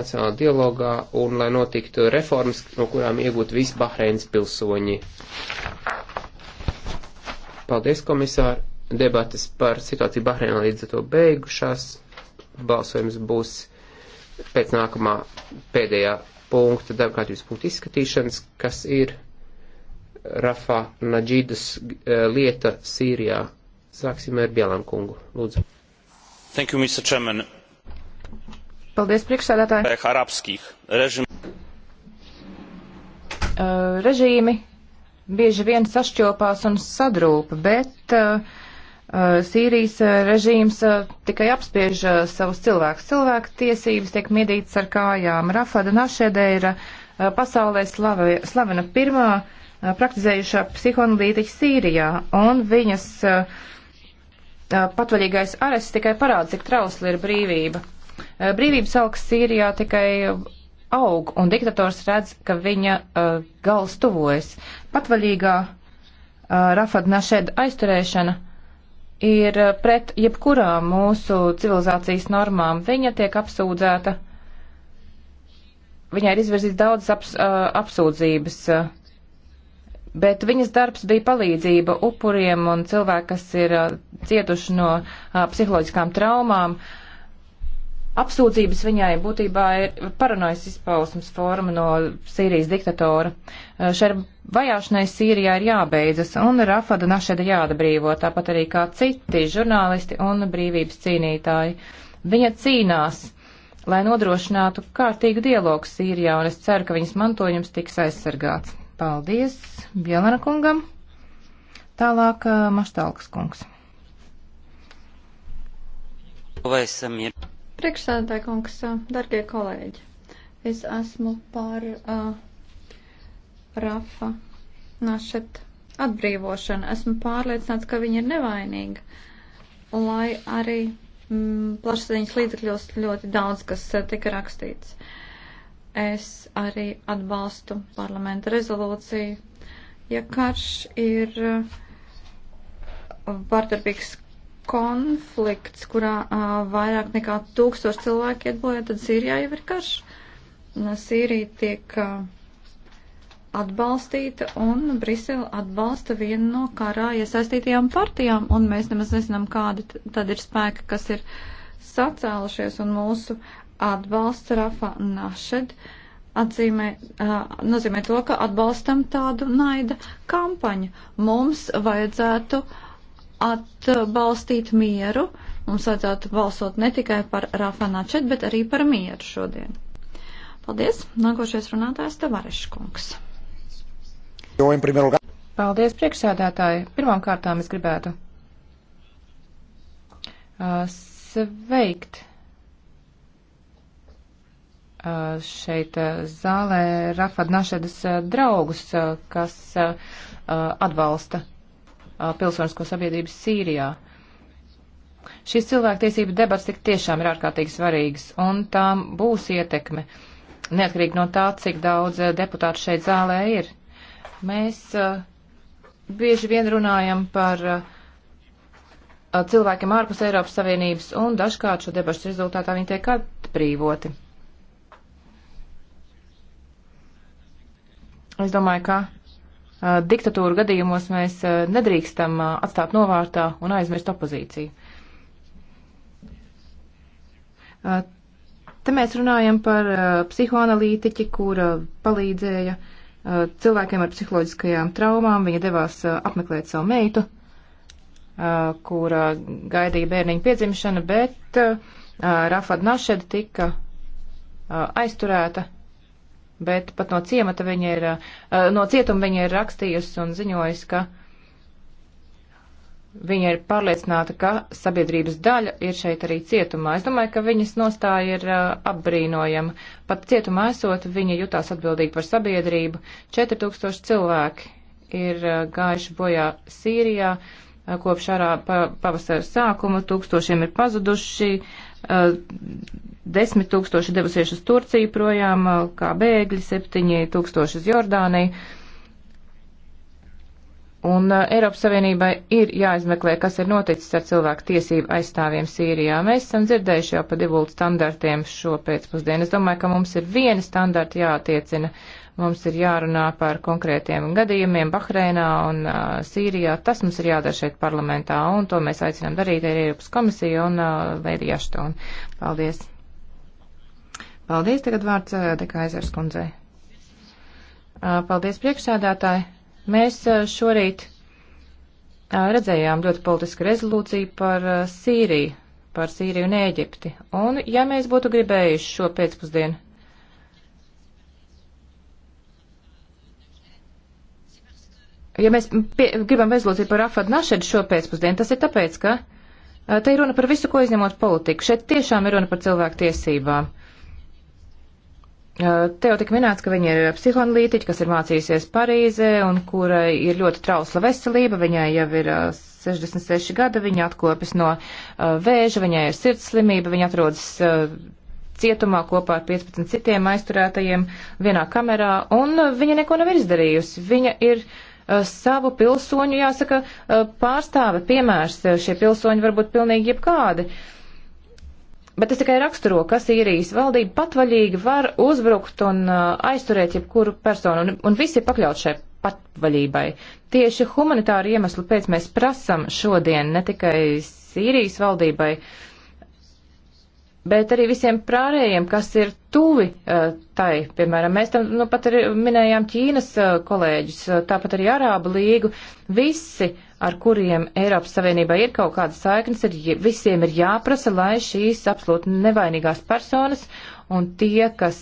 nacionālā dialogā un lai notiktu reformas, no kurām iegūtu visi Bahreins pilsoņi. Paldies, komisāri! Debates par situāciju Bahreinā līdz ar to beigušās. Balsojums būs pēc nākamā pēdējā punkta, darbkārtības punkta izskatīšanas, kas ir Rafa Naģīdas eh, lieta Sīrijā. Sāksim ar Bielankungu. Lūdzu. Thank you, Mr. Chairman. Paldies, priekšsēdētāji. Harapskih režim. Uh, režīmi bieži vien sašķopās un sadrūpa, bet uh, Sīrijas režīms tikai apspiež savus cilvēkus. Cilvēku tiesības tiek miedītas ar kājām. Rafada Našēdē ir pasaulē slave, slavena pirmā praktizējušā psihoanalītiķa Sīrijā, un viņas patvaļīgais arests tikai parāda, cik trausli ir brīvība. Eh, brīvības augs Sīrijā tikai aug, un diktators redz, ka viņa uh, gals tuvojas. Patvaļīgā uh, Rafad Našed aizturēšana ir uh, pret jebkurām mūsu civilizācijas normām. Viņa tiek apsūdzēta, viņai ir izvirzīts daudz aps, uh, apsūdzības. Uh, bet viņas darbs bija palīdzība upuriem un cilvēki, kas ir uh, cietuši no uh, psiholoģiskām traumām. Uh, apsūdzības viņai būtībā ir paranojas izpausmas forma no Sīrijas diktatora. Šai vajāšanai Sīrijā ir jābeidzas, un Rafada Našeda ir jāatbrīvo, tāpat arī kā citi žurnālisti un brīvības cīnītāji. Viņa cīnās, lai nodrošinātu kārtīgu dialogu Sīrijā, un es ceru, ka viņas mantojums tiks aizsargāts. Paldies Bielana kungam. Tālāk Maštalkas kungs. Vai esam ir Priekšsēdētāji kungs, darbie kolēģi, es esmu par uh, Rafa Našet atbrīvošanu. Esmu pārliecināts, ka viņa ir nevainīga, lai arī mm, plašsaziņas līdzekļos ļoti daudz, kas uh, tika rakstīts. Es arī atbalstu parlamenta rezolūciju. Ja karš ir uh, vardarbīgs konflikts, kurā uh, vairāk nekā tūkstoši cilvēki iet bojā, tad Sīrijā jau ir karš. Sīrija tiek uh, atbalstīta un Brisele atbalsta vienu no karā iesaistītajām partijām, un mēs nemaz nezinām, kādi tad ir spēki, kas ir sacēlušies, un mūsu atbalsts Rafa Našed atzīmē, uh, nozīmē to, ka atbalstam tādu naida kampaņu. Mums vajadzētu uh, atbalstīt mieru. Mums vajadzētu balsot ne tikai par Rafana Čet, bet arī par mieru šodien. Paldies. Nākošais runātājs Tavarešs kungs. Paldies, priekšsēdētāji. Pirmām kārtām es gribētu uh, sveikt šeit zālē Rafad Našedas draugus, kas atbalsta pilsonisko sabiedrību Sīrijā. Šīs cilvēktiesība debats tik tiešām ir ārkārtīgi svarīgas, un tām būs ietekme, neatkarīgi no tā, cik daudz deputātu šeit zālē ir. Mēs uh, bieži vien runājam par uh, cilvēkiem ārpus Eiropas Savienības, un dažkārt šo debašu rezultātā viņi tiek atbrīvoti. Es domāju, ka Uh, diktatūru gadījumos mēs uh, nedrīkstam uh, atstāt novārtā un aizmirst opozīciju. Te mēs runājam par psihoanalītiķi, kura palīdzēja cilvēkiem ar psiholoģiskajām traumām. Viņa devās apmeklēt savu meitu, kura gaidīja bērniņu piedzimšanu, bet Rafad Našed tika aizturēta bet pat no ciemata viņa ir, eh, no cietuma viņa ir rakstījusi un ziņojusi, ka viņa ir pārliecināta, ka sabiedrības daļa ir šeit arī cietumā. Es domāju, ka viņas nostāja ir eh, apbrīnojama. Pat cietumā esot, viņa jutās atbildīga par sabiedrību. 4000 cilvēki ir eh, gājuši bojā Sīrijā kopš arā pavasara sākuma, tūkstošiem ir pazuduši Eh, desmit tūkstoši devusies uz Turciju projām eh, kā bēgļi, septiņi tūkstoši uz Jordāniju. Un eh, Eiropas Savienībai ir jāizmeklē, kas ir noticis ar cilvēku tiesību aizstāvjiem Sīrijā. Mēs esam dzirdējuši jau pa divultu standartiem šo pēcpusdienu. Es domāju, ka mums ir viena standarta jātiecina Mums ir jārunā par konkrētiem gadījumiem Bahreinā un uh, Sīrijā. Tas mums ir jādara šeit parlamentā, un to mēs aicinām darīt arī Eiropas komisiju un uh, Lēdija Aštonu. Paldies! Paldies, tagad vārds uh, Dekaizers kundzei. Uh, paldies, priekšsēdētāji! Mēs uh, šorīt redzējām ļoti politisku rezolūciju par Sīriju, par Sīriju un Ēģipti. Un, ja mēs būtu gribējuši šo pēcpusdienu ja mēs pie, gribam rezolūciju par Rafat Našedu šo pēcpusdienu, tas ir tāpēc, ka te ir runa par visu, ko izņemot politiku. Šeit tiešām ir runa par cilvēku tiesībām. Te jau tik minēts, ka viņa ir psihoanalītiķa, kas ir mācījusies Parīzē un kurai ir ļoti trausla veselība. Viņai jau ir 66 gada, viņa atkopjas no vēža, viņai ir sirdslimība, viņa atrodas cietumā kopā ar 15 citiem aizturētajiem vienā kamerā, un viņa neko nav izdarījusi. Viņa ir uh, Eh, savu pilsoņu, jāsaka, eh, pārstāve, piemērs, eh, šie pilsoņi var būt pilnīgi jebkādi. Bet tas tikai raksturo, kas īrijas valdība patvaļīgi var uzbrukt un aizturēt jebkuru personu, un, un visi ir pakļauti šai patvaļībai. Tieši humanitāru iemeslu pēc mēs prasam šodien ne tikai Sīrijas valdībai, uh, bet arī visiem prārējiem, kas ir tuvi uh, tai. Piemēram, mēs tam nu, pat arī minējām Ķīnas uh, kolēģus, uh, tāpat arī Arābu līgu. Visi, ar kuriem Eiropas Savienībā ir kaut kādas saiknes, ir, visiem ir jāprasa, lai šīs absolūti nevainīgās personas un tie, kas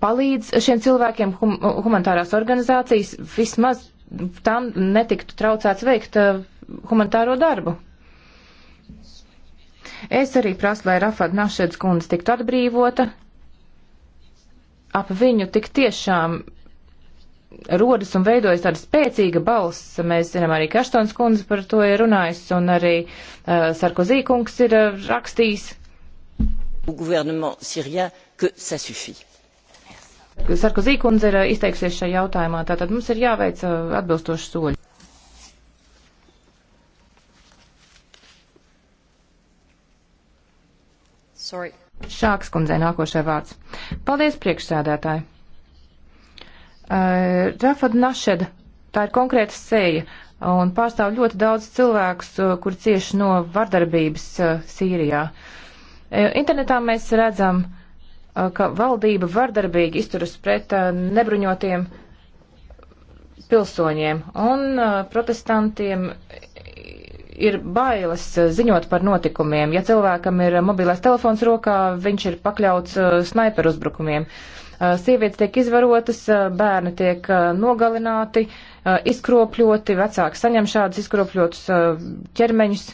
palīdz šiem cilvēkiem hum, humanitārās organizācijas, vismaz tam netiktu traucēts veikt humanitāro darbu. Es arī prasu, lai Rafat Našeds kundze tiktu atbrīvota. Ap viņu tik tiešām rodas un veidojas tāda spēcīga balss. Mēs zinām arī Kaštons kundze par to ir runājis un arī uh, Sarkozī kungs ir uh, rakstījis. Sirien, Sarkozī kundze ir uh, izteiksies šajā jautājumā, tātad mums ir jāveic uh, atbilstoši soļi. Sorry. Šāks kundzei nākošai vārds. Paldies, priekšsēdētāji. Uh, Rafad Našeda, tā ir konkrēta sēja un pārstāv ļoti daudz cilvēkus, uh, kur cieši no vardarbības uh, Sīrijā. Uh, internetā mēs redzam, uh, ka valdība vardarbīgi izturas pret uh, nebruņotiem pilsoņiem un uh, protestantiem ir bailes ziņot par notikumiem. Ja cilvēkam ir mobilais telefons rokā, viņš ir pakļauts uh, snaiperu uzbrukumiem. Uh, sievietes tiek izvarotas, uh, bērni tiek nogalināti, izkropļoti, vecāki saņem šādus izkropļotus ķermeņus.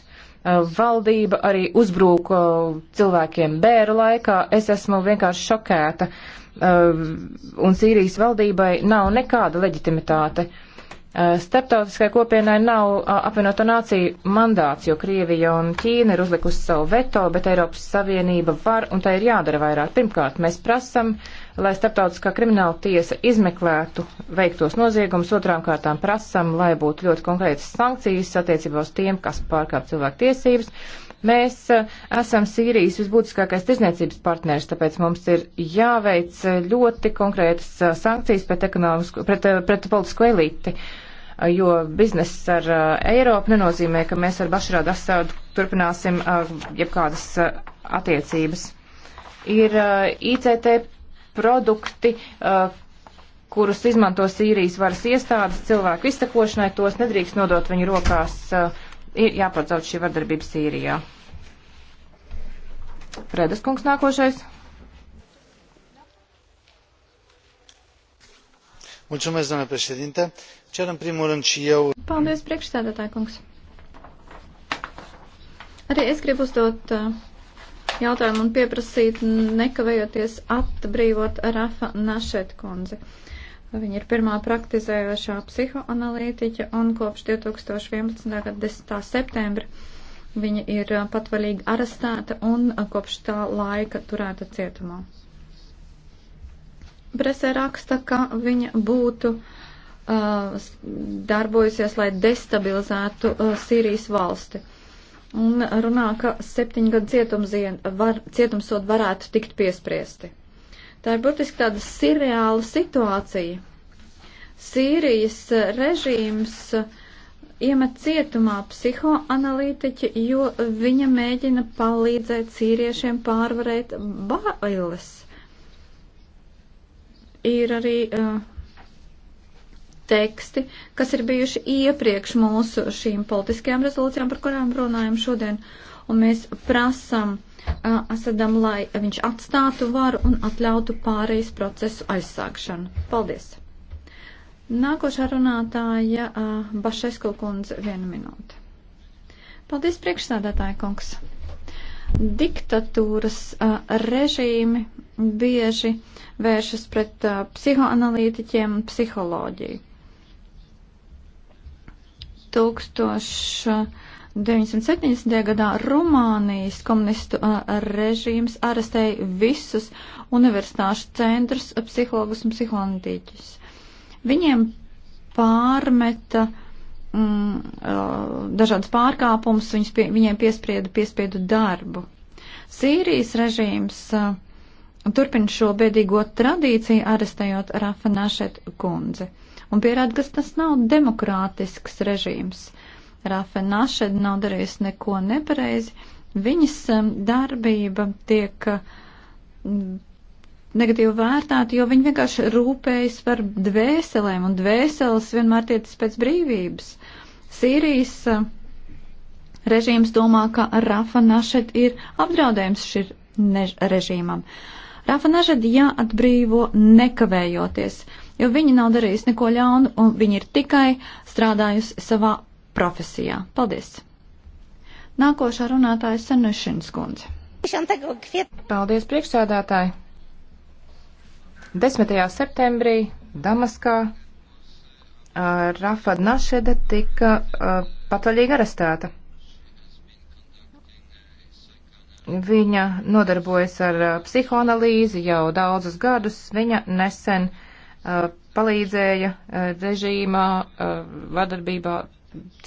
Valdība arī uzbrūk cilvēkiem bēru laikā. Es esmu vienkārši šokēta, un Sīrijas valdībai nav nekāda leģitimitāte. Uh, Eh, starptautiskai kopienai nav eh, apvienoto nāciju mandāts, jo Krievija un Ķīna ir uzlikusi savu veto, bet Eiropas Savienība var un tai ir jādara vairāk. Pirmkārt, mēs prasam, lai Starptautiskā krimināla tiesa izmeklētu veiktos noziegumus, otrām kārtām prasam, lai būtu ļoti konkrētas sankcijas attiecībā uz tiem, kas pārkāp cilvēku tiesības. Mēs eh, esam Sīrijas visbūtiskākais tirzniecības partners, tāpēc mums ir jāveic ļoti konkrētas sankcijas pret, pret, pret politisko elīti. Uh, jo bizness ar uh, Eiropu nenozīmē, ka mēs ar Bašrādu Asādu turpināsim uh, jebkādas uh, attiecības. Ir ICT produkti, kurus izmanto Sīrijas varas iestādes cilvēku izsakošanai, tos nedrīkst nodot viņu rokās, ir jāpacelt šī vardarbība Sīrijā. Fredas kungs nākošais. domnule președinte cer în primul rând și eu. Paldies, priekšsēdētāj kungs. Arī es gribu uzdot uh, jautājumu un pieprasīt nekavējoties atbrīvot Rafa Našet kundzi. Viņa ir pirmā praktizējošā psihoanalītiķa un kopš 2011. gada 10. septembra viņa ir uh, patvaļīgi arestēta un uh, kopš tā laika turēta cietumā presē raksta, ka viņa būtu uh, darbojusies, lai destabilizētu uh, Sīrijas valsti. Un runā, ka septiņu gadu cietumsien, var, cietumsot varētu tikt piespriesti. Tā ir burtiski tāda sirreāla situācija. Sīrijas uh, režīms uh, iemet cietumā psihoanalītiķi, jo viņa mēģina palīdzēt sīriešiem pārvarēt bailes ir arī uh, teksti, kas ir bijuši iepriekš mūsu šīm politiskajām rezolūcijām, par kurām runājam šodien. Un mēs prasam uh, Asadam, lai viņš atstātu varu un atļautu pārejas procesu aizsākšanu. Paldies! Nākošā runātāja uh, Bašesko kundze vienu minūti. Paldies priekšsādātāja kungs! Diktatūras uh, režīmi bieži vēršas pret uh, psihoanalītiķiem un psiholoģiju. 1970. gadā Rumānijas komunistu uh, režīms arestēja visus universitāšu centrus, psihologus un psihoanalītiķus. Viņiem pārmeta uh, mm, dažādas pārkāpumus, pie, viņiem piesprieda piespiedu darbu. Sīrijas režīms uh, turpina šo bēdīgo tradīciju, arestējot Rafa Našet kundzi. Un pierāda, ka tas nav demokrātisks režīms. Rafa Našet nav darījusi neko nepareizi. Viņas um, darbība tiek. Uh, negatīvi vērtēti, jo viņi vienkārši rūpējas par dvēselēm, un dvēseles vienmēr tiecas pēc brīvības. Sīrijas režīms domā, ka Rafa Našet ir apdraudējums šim režīmam. Rafa Našet jāatbrīvo nekavējoties, jo viņa nav darījusi neko ļaunu, un viņa ir tikai strādājusi savā profesijā. Paldies! Nākošā runātāja Senušins kundze. Paldies, priekšsēdētāji! 10. septembrī Damaskā uh, Rafa Našeda tika uh, patvaļīgi arestēta. Viņa nodarbojas ar uh, psihoanalīzi jau daudzus gadus. Viņa nesen uh, palīdzēja uh, režīmā uh, vadarbībā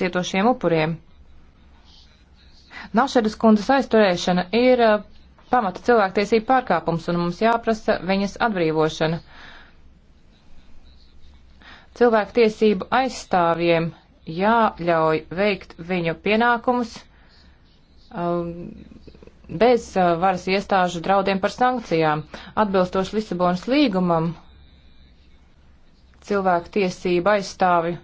cietošiem upuriem. Našedas kundzes aizturēšana ir pamata cilvēktiesību pārkāpums un mums jāprasa viņas atbrīvošana. Cilvēktiesību aizstāvjiem jāļauj veikt viņu pienākumus um, bez uh, varas iestāžu draudiem par sankcijām. Atbilstoši Lisabonas līgumam cilvēku tiesību aizstāvi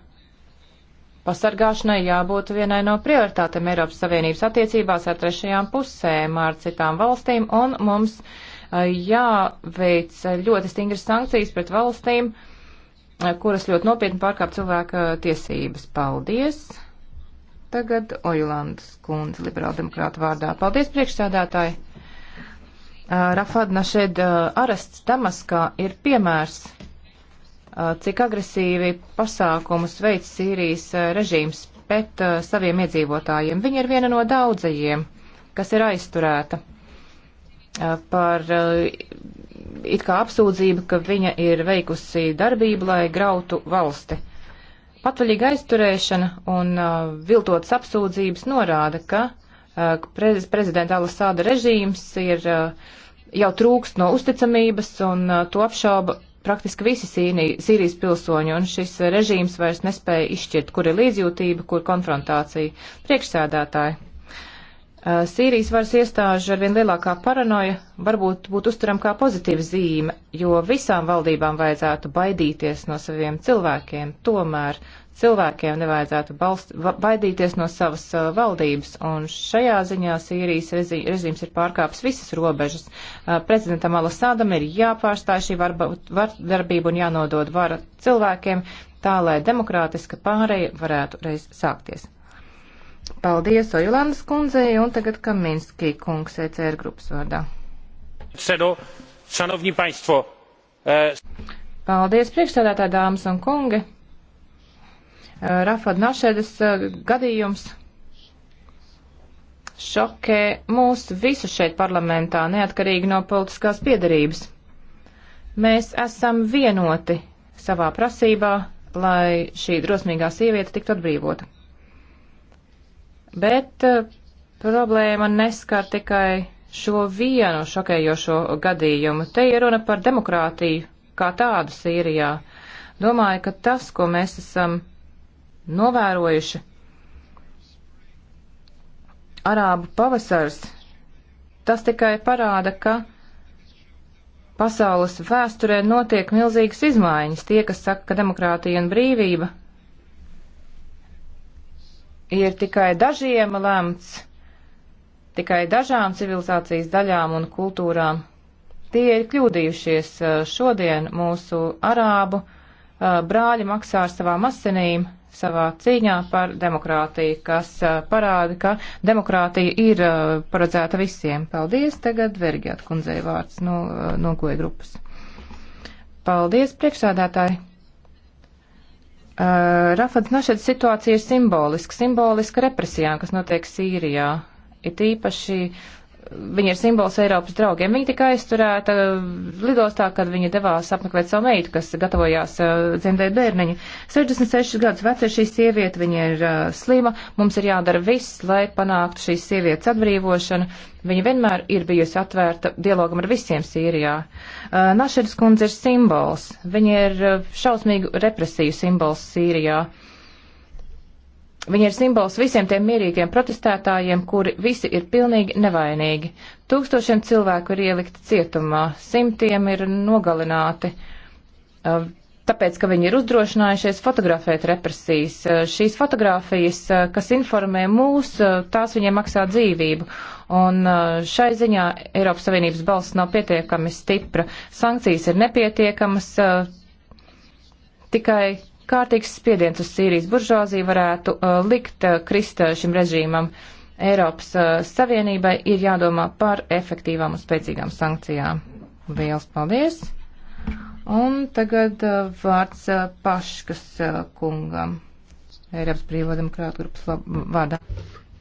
Pasargāšanai jābūt vienai no prioritātēm Eiropas Savienības attiecībās ar trešajām pusēm, ar citām valstīm, un mums jāveic ļoti stingras sankcijas pret valstīm, kuras ļoti nopietni pārkāp cilvēka tiesības. Paldies! Tagad Ojulandas kundze, liberāldemokrāta vārdā. Paldies, priekšsēdētāji! Rafad Našed arests Damaskā ir piemērs Uh, cik agresīvi pasākumus veids Sīrijas uh, režīms pret uh, saviem iedzīvotājiem. Viņa ir viena no daudzajiem, kas ir aizturēta uh, par uh, it kā apsūdzību, ka viņa ir veikusi darbību, lai grautu valsti. Patvaļīga aizturēšana un uh, viltotas apsūdzības norāda, ka prez, prezidenta Alasāda režīms ir jau trūkst no uzticamības un to apšauba praktiski visi Sīnī, Sīrijas pilsoņi, un šis režīms vairs nespēja izšķirt, kur ir līdzjūtība, kur konfrontācija. Priekšsēdētāji. Sīrijas varas iestāžu ar vien lielākā paranoja varbūt būtu uzturam kā pozitīva zīme, jo visām valdībām vajadzētu baidīties no saviem cilvēkiem. Tomēr cilvēkiem nevajadzētu balst, baidīties no savas uh, valdības, un šajā ziņā Sīrijas reži, režīms ir pārkāpis visas robežas. Uh, prezidentam Alasādam ir jāpārstāj šī varba, vardarbība un jānodod vara cilvēkiem, tā lai demokrātiska pāreja varētu reiz sākties. Paldies Ojulandas kundzei, un tagad Kaminski kungs ECR grupas vārdā. Cedo, šanovņi paņstvo. Paldies priekšstādātā dāmas un kungi. Rafad Našedas eh, gadījums šokē mūs visus šeit parlamentā, neatkarīgi no politiskās piedarības. Mēs esam vienoti savā prasībā, lai šī drosmīgā sieviete tiktu atbrīvota. Bet eh, problēma neskar tikai šo vienu šokējošo gadījumu. Te ir runa par demokrātiju kā tādu Sīrijā. Domāju, ka tas, ko mēs esam novērojuši. Arābu pavasars tas tikai parāda, ka pasaules vēsturē notiek milzīgas izmaiņas. Tie, kas saka, ka demokrātija un brīvība ir tikai dažiem lemts, tikai dažām civilizācijas daļām un kultūrām, tie ir kļūdījušies eh, šodien mūsu arābu Uh, brāļi maksā ar savām asinīm savā cīņā par demokrātiju, kas uh, parāda, ka demokrātija ir uh, paredzēta visiem. Paldies, tagad Vergiat kundzei vārds no, no goja grupas. Paldies, priekšsādātāji! Uh, Rafats Našets situācija ir simboliska, simboliska represijām, kas notiek Sīrijā. Ir īpaši uh, Viņa ir simbols Eiropas draugiem. Viņa tika aizturēta lidostā, kad viņa devās apmeklēt savu meitu, kas gatavojās uh, dzemdēt bērniņu. 66 gadus veca ir šī sieviete, viņa ir uh, slima. Mums ir jādara viss, lai panāktu šīs sievietes atbrīvošanu. Viņa vienmēr ir bijusi atvērta dialogam ar visiem Sīrijā. Uh, Našeris kundze ir simbols. Viņa ir šausmīgu represiju simbols Sīrijā. Uh, Viņa ir simbols visiem tiem mierīgiem protestētājiem, kuri visi ir pilnīgi nevainīgi. Tūkstošiem cilvēku ir ielikti cietumā, simtiem ir nogalināti, tāpēc, ka viņi ir uzdrošinājušies fotografēt represijas. Šīs fotografijas, kas informē mūs, tās viņiem maksā dzīvību. Un šai ziņā Eiropas Savienības balss nav pietiekami stipra. Sankcijas ir nepietiekamas. Tikai Kārtīgs spiediens uz Sīrijas buržāziju varētu uh, likt uh, krist uh, šim režīmam. Eiropas uh, Savienībai ir jādomā par efektīvām un spēcīgām sankcijām. Liels paldies! Un tagad uh, vārds uh, Paškas uh, kungam, Eiropas brīvā demokrāta grupas vārdā.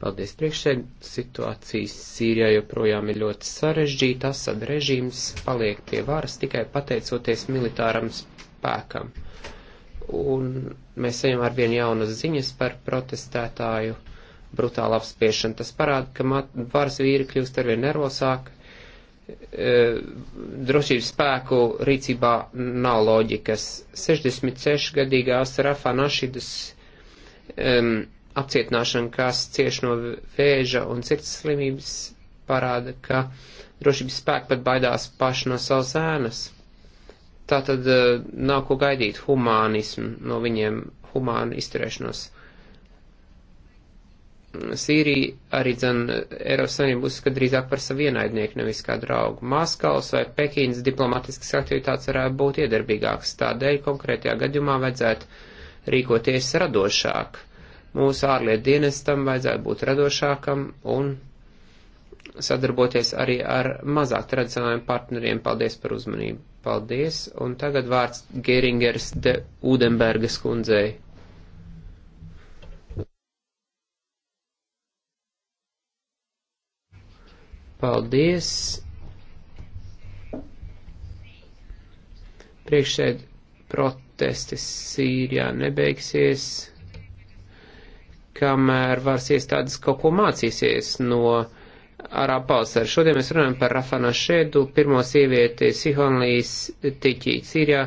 Paldies priekšēd. Situācija Sīrijā joprojām ir ļoti sarežģīta. Asad režīms paliek pie varas tikai pateicoties militāram spēkam. Uh, un mēs saņem arvien jaunas ziņas par protestētāju brutālu apspiešanu. Tas parāda, ka varas vīri kļūst arvien nervosāk, e, drošības spēku rīcībā nav loģikas. 66-gadīgās Rafa Našidas um, apcietināšana, kas cieši no vēža un sirds slimības, parāda, ka drošības spēki pat baidās paši no savas ēnas. Tā tad eh, nav ko gaidīt humānismu no viņiem, humānu izturēšanos. Sīrija arī dzen Eiropas Savienību uzskata drīzāk par savu ienaidnieku, nevis kā draugu. Maskavas vai Pekīnas diplomatiskas aktivitātes varētu būt iedarbīgākas, tādēļ konkrētajā gadījumā vajadzētu rīkoties radošāk. Mūsu ārlietu dienestam vajadzētu būt radošākam un sadarboties arī ar mazāk tradicionālajiem partneriem. Paldies par uzmanību! Paldies, un tagad vārds Geringers de Udenbergas kundzei. Paldies. Priekšsēd protesti Sīrijā nebeigsies, kamēr varas iestādes kaut ko mācīsies no Arābu pavasari. Šodien mēs runājam par Rafana Šēdu, pirmo sievieti Sihonlīs tiķī Sīrijā.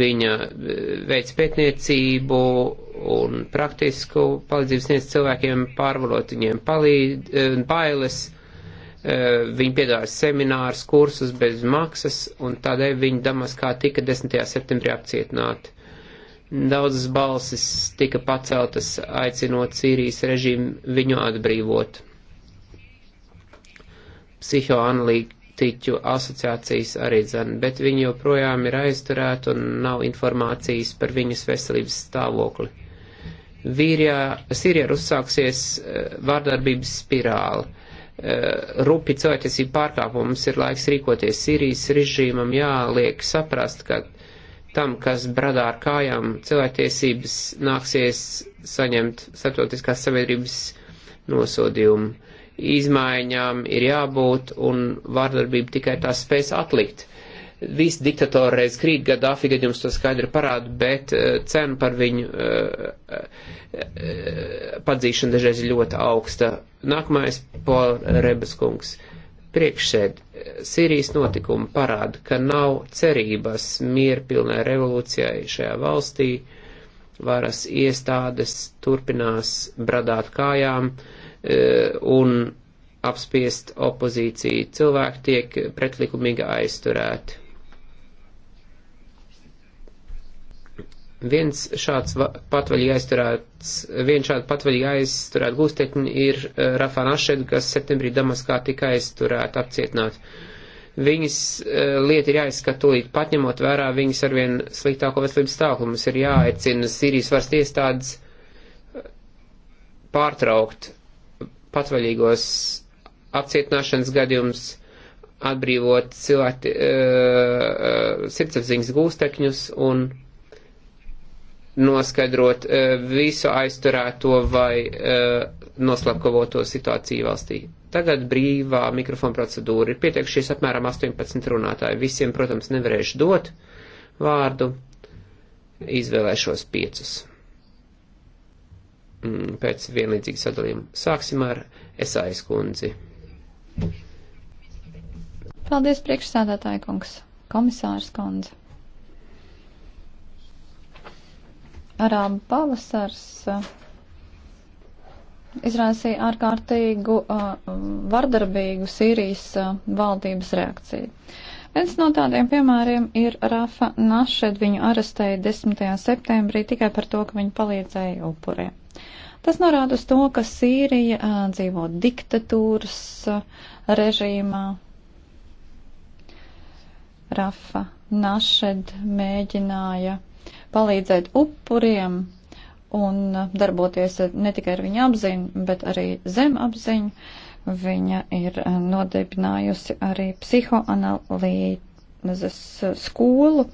Viņa e, veids pētniecību un praktisku palīdzību sniedz cilvēkiem pārvalot viņiem palīd, e, bailes. E, viņa piedāvāja seminārus, kursus bez maksas, un tādēļ viņa Damaskā tika 10. septembrī apcietināta. Daudzas balsis tika paceltas, aicinot Sīrijas režīmu viņu atbrīvot psihoanalītiķu asociācijas arī zina, bet viņi joprojām ir aizturēti un nav informācijas par viņas veselības stāvokli. Vīrijā, Sīrijā ir uzsāksies eh, vārdarbības spirāli. Eh, Rūpi cilvēktiesību pārkāpums ir laiks rīkoties Sīrijas režīmam, jāliek saprast, ka tam, kas bradā ar kājām cilvēktiesības, nāksies saņemt starptautiskās sabiedrības nosodījumu izmaiņām ir jābūt un vārdarbība tikai tās spēs atlikt. Visi diktatori reiz krīt, Gaddafi, kad jums to skaidri parāda, bet eh, cena par viņu eh, eh, padzīšanu dažreiz ir ļoti augsta. Nākamais Paul Rebes kungs. Priekšsēd, Sīrijas notikumi parāda, ka nav cerības mierpilnai revolūcijai šajā valstī, varas iestādes turpinās bradāt kājām, uh, E, un apspiest opozīciju. Cilvēki tiek pretlikumīgi aizturēti. Viens šāds patvaļīgi aizturēts, viens šāds patvaļīgi aizturēt gūstekņi ir e, Rafāna Ašed, kas septembrī Damaskā tika aizturēta, apcietināta. Viņas e, lieta ir jāizskata tūlīt, pat ņemot vērā viņas arvien sliktāko veselības stāvokli. Mums ir jāaicina Sīrijas varas iestādes pārtraukt patvaļīgos apcietināšanas gadījumus, atbrīvot cilvēku uh, eh, eh, sirdsapziņas gūstekņus un noskaidrot uh, visu aizturēto vai uh, noslapkavoto situāciju valstī. Tagad brīvā mikrofona procedūra ir pietiekšies apmēram 18 runātāji. Visiem, protams, nevarēšu dot vārdu. Izvēlēšos piecus mm, pēc vienlīdzīgas sadalījuma. Sāksim ar Esājas kundzi. Paldies, priekšsādātāja kungs, komisārs kundze. Arābu pavasars uh, izraisīja ārkārtīgu uh, vardarbīgu Sīrijas uh, valdības reakciju. Viens no tādiem piemēriem ir Rafa Našed. Viņu arestēja 10. septembrī tikai par to, ka viņa palīdzēja upuriem. Tas norāda uz to, ka Sīrija dzīvo diktatūras režīmā. Rafa Našed mēģināja palīdzēt upuriem un darboties ne tikai ar viņu apziņu, bet arī zem apziņu. Viņa ir nodibinājusi arī psihoanalīzes skolu,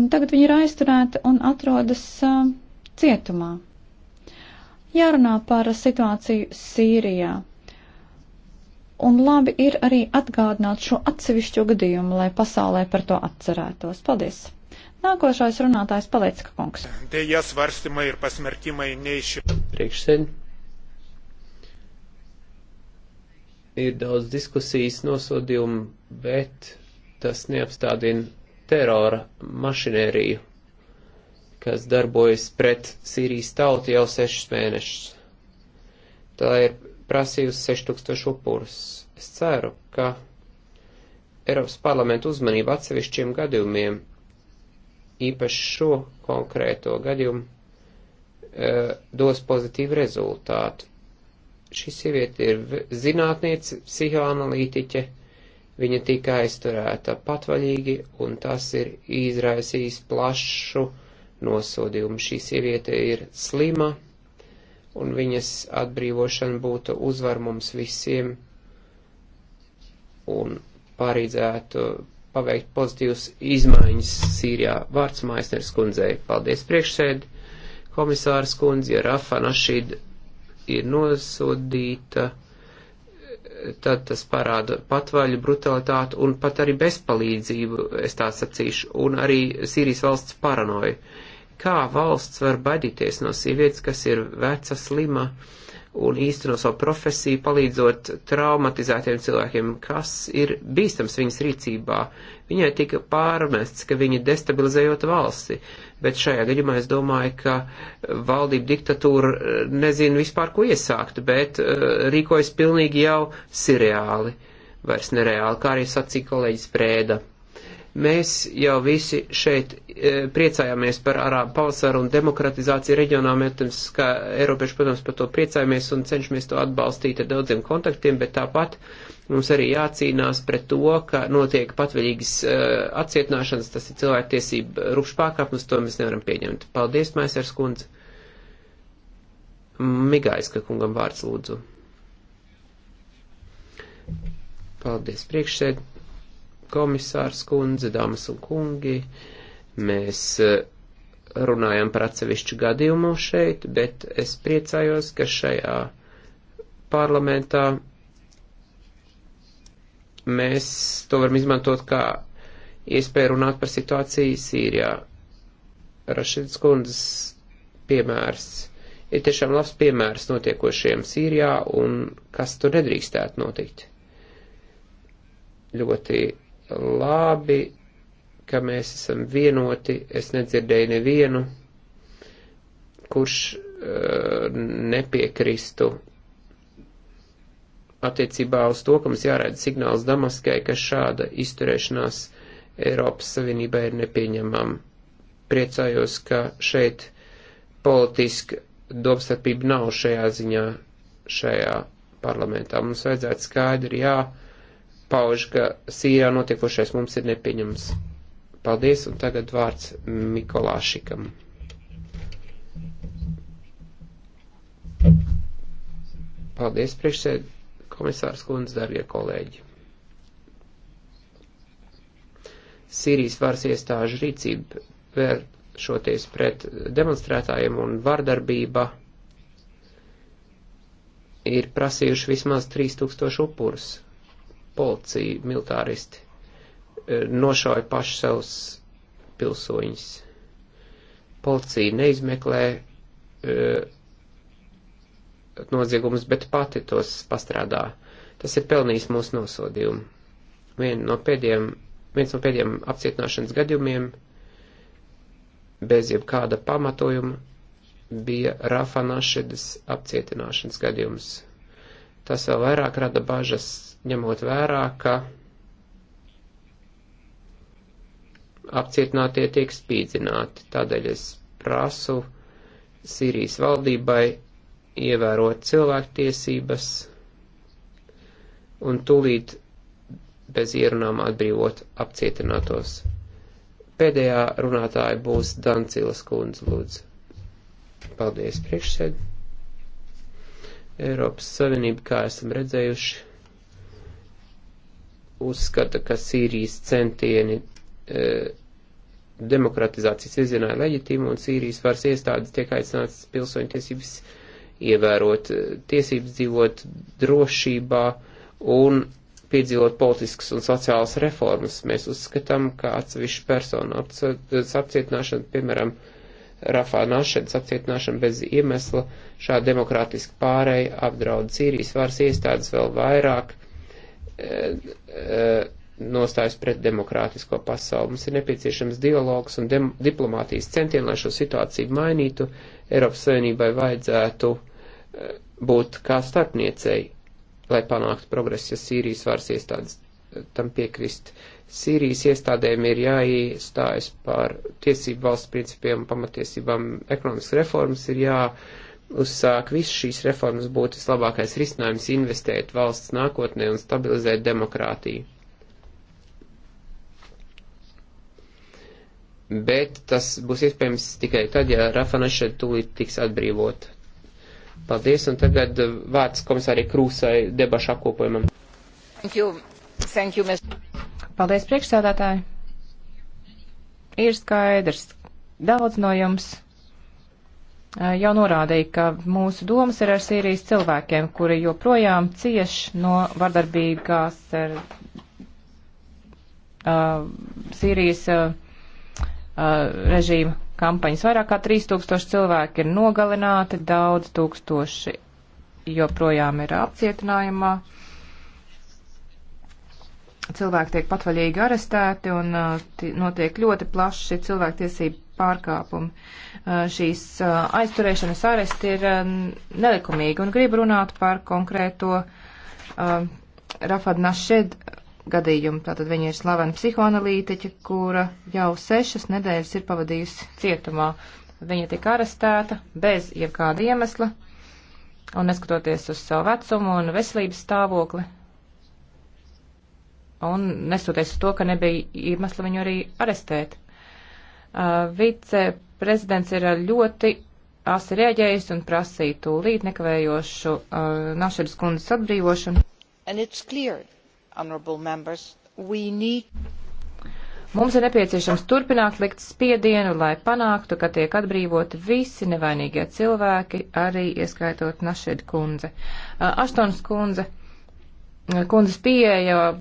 un tagad viņa ir aizturēta un atrodas cietumā. Jārunā par situāciju Sīrijā. Un labi ir arī atgādināt šo atsevišķo gadījumu, lai pasaulē par to atcerētos. Paldies! Nākošais runātājs Palecka kungs. Te jāsvarstimai ir pasmerkimai neiši. Priekšsēd. Ir daudz diskusijas nosodījumu, bet tas neapstādina terora mašinēriju kas darbojas pret Sīrijas tautu jau sešus mēnešus. Tā ir prasījusi 6000 upurus. Es ceru, ka Eiropas parlamenta uzmanība atsevišķiem gadījumiem, īpaši šo konkrēto gadījumu, e, dos pozitīvu rezultātu. Šī sieviete ir zinātniece, psihoanalītiķe, viņa tika aizturēta patvaļīgi, un tas ir izraisījis plašu uh, nosodījumu. Šī sieviete ir slima, un viņas atbrīvošana būtu uzvar mums visiem un pārīdzētu paveikt pozitīvas izmaiņas Sīrijā. Vārds Maisners kundzei. Paldies priekšsēdi. Komisārs kundze, ja Rafa Našīd ir nosodīta, tad tas parāda patvaļu brutalitāti un pat arī bezpalīdzību, es tā sacīšu, un arī Sīrijas valsts paranoju. Uh, Kā valsts var baidīties no sievietes, kas ir veca, slima un īsteno savu profesiju, palīdzot traumatizētiem cilvēkiem, kas ir bīstams viņas rīcībā? Viņai tika pārmests, ka viņa destabilizējot valsti, bet šajā gadījumā es domāju, ka valdība diktatūra nezina vispār, ko iesākt, bet uh, rīkojas pilnīgi jau sirreāli, vairs nereāli, kā arī sacīja kolēģis Prēda. Mēs jau visi šeit e, priecājāmies par arābu pavasaru un demokratizāciju reģionā. Mēs, kā Eiropieši, protams, par to priecājamies un cenšamies to atbalstīt ar daudziem kontaktiem, bet tāpat mums arī jācīnās pret to, ka notiek patvaļīgas e, atsietināšanas, tas ir cilvēktiesība rupšs pārkāpums, to mēs nevaram pieņemt. Paldies, Maisers kundze. Migaiska kungam vārds lūdzu. Paldies, priekšsēdētāji komisārs kundze, dāmas un kungi, mēs eh, runājam par atsevišķu gadījumu šeit, bet es priecājos, ka šajā parlamentā mēs to varam izmantot kā iespēju runāt par situāciju Sīrijā. Rašids kundzes piemērs ir tiešām labs piemērs notiekošiem Sīrijā un kas tur nedrīkstētu notikt. Ļoti labi, ka mēs esam vienoti. Es nedzirdēju nevienu, kurš uh, nepiekristu attiecībā uz to, ka mums jārēd signāls Damaskai, ka šāda izturēšanās Eiropas Savienībā ir nepieņemama. Priecājos, ka šeit politiski domstarpība nav šajā ziņā, šajā parlamentā. Mums vajadzētu skaidri jā. Ja pauž, ka Sīrijā notiekošais mums ir nepieņems. Paldies, un tagad vārds Mikolāšikam. Paldies, priekšsēd, komisārs Kundze, darbie kolēģi. Sīrijas varas iestāžu rīcība vēršoties pret demonstrētājiem un vardarbība ir prasījuši vismaz 3000 upurus policija, militāristi e, nošauja paši savus pilsoņus. Policija neizmeklē e, noziegumus, bet pati tos pastrādā. Tas ir pelnījis mūsu nosodījumu. Vien no pēdējiem, viens no pēdējiem apcietināšanas gadījumiem bez jebkāda pamatojuma bija Rafa Našedes apcietināšanas gadījums. Tas vēl vairāk rada bažas ņemot vērā, ka apcietinātie tiek spīdzināti. Tādēļ es prasu Sīrijas valdībai ievērot cilvēktiesības un tūlīt bez ierunām atbrīvot apcietinātos. Pēdējā runātāja būs Dancilas kundze, lūdzu. Paldies, priekšsēd. Eiropas Savienība, kā esam redzējuši, uzskata, ka Sīrijas centieni e, demokratizācijas virzienā ir leģitīma un Sīrijas varas iestādes tiek aicināts pilsoņu tiesības ievērot, e, tiesības dzīvot drošībā un piedzīvot politiskas un sociālas reformas. Mēs uzskatām, ka atsevišķa persona apcietināšana, piemēram, Rafā Našedas apcietināšana bez iemesla, šāda demokrātiska pārēja apdraud Sīrijas varas iestādes vēl vairāk, nostājas pret demokrātisko pasauli. Mums ir nepieciešams dialogs un diplomātijas centieni, lai šo situāciju mainītu. Eiropas Savienībai vajadzētu e, būt kā starpniecei, lai panāktu progresu, ja Sīrijas varas iestādes tam piekrist. Sīrijas iestādēm ir jāiestājas par tiesību valsts principiem, pamatiesībām, ekonomiskas reformas ir jā. Uh, uzsāk visu šīs reformas būtu vislabākais risinājums investēt valsts nākotnē un stabilizēt demokrātiju. Bet tas būs iespējams tikai tad, ja Rafanaša tūlīt tiks atbrīvot. Paldies, un tagad vārds komisārī Krūsai debašu apkopojumam. Thank you. Thank you, mēs... Paldies, priekšsēdētāji. Ir skaidrs. Daudz no jums jau norādīja, ka mūsu domas ir ar Sīrijas cilvēkiem, kuri joprojām cieš no vardarbīgās ar, uh, Sīrijas uh, režīma kampaņas. Vairāk kā 3000 cilvēki ir nogalināti, daudz tūkstoši joprojām ir apcietinājumā. Cilvēki tiek patvaļīgi arestēti un uh, notiek ļoti plaši cilvēktiesību pārkāpumi. Eh, šīs eh, aizturēšanas aresti ir eh, nelikumīgi un gribu runāt par konkrēto Rafad Našed gadījumu. Tātad viņa ir slavena psihoanalītiķa, kura jau sešas nedēļas ir pavadījusi cietumā. Viņa tika arestēta bez jebkāda iemesla un neskatoties uz savu vecumu un veselības stāvokli. Un nesoties uz to, ka nebija iemesla viņu arī arestēt. Uh, viceprezidents ir uh, ļoti asi rēģējis un prasīja tūlīt nekavējošu uh, Našeras kundzes atbrīvošanu. Clear, members, need... Mums ir nepieciešams turpināt likt spiedienu, lai panāktu, ka tiek atbrīvoti visi nevainīgie cilvēki, arī ieskaitot Našedu kundze. Uh, Aštons kundze, kundzes pieeja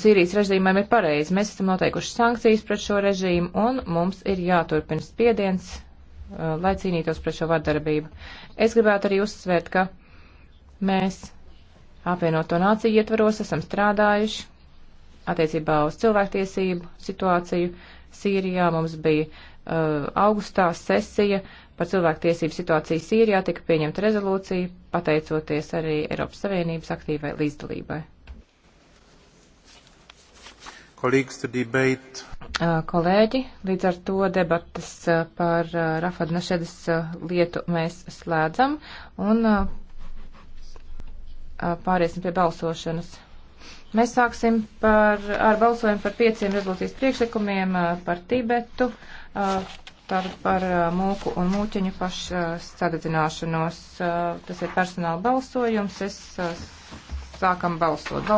Sīrijas režīmam ir pareizi. Mēs esam noteikuši sankcijas pret šo režīmu un mums ir jāturpina spiediens, uh, lai cīnītos pret šo vardarbību. Es gribētu arī uzsvērt, ka mēs apvienoto nāciju ietvaros esam strādājuši attiecībā uz cilvēktiesību situāciju Sīrijā. Mums bija uh, augustā sesija par cilvēktiesību situāciju Sīrijā, tika pieņemta rezolūcija, pateicoties arī Eiropas Savienības aktīvai līdzdalībai. Uh, kolēģi, līdz ar to debatas uh, par uh, Rafad Našedas lietu mēs slēdzam un pāriesim pie balsošanas. Mēs sāksim par, ar balsojumu par pieciem rezolūcijas priekšlikumiem par Tibetu, par, par mūku un mūķiņu pašsadedzināšanos. Tas ir personāla balsojums. Es sākam balsot.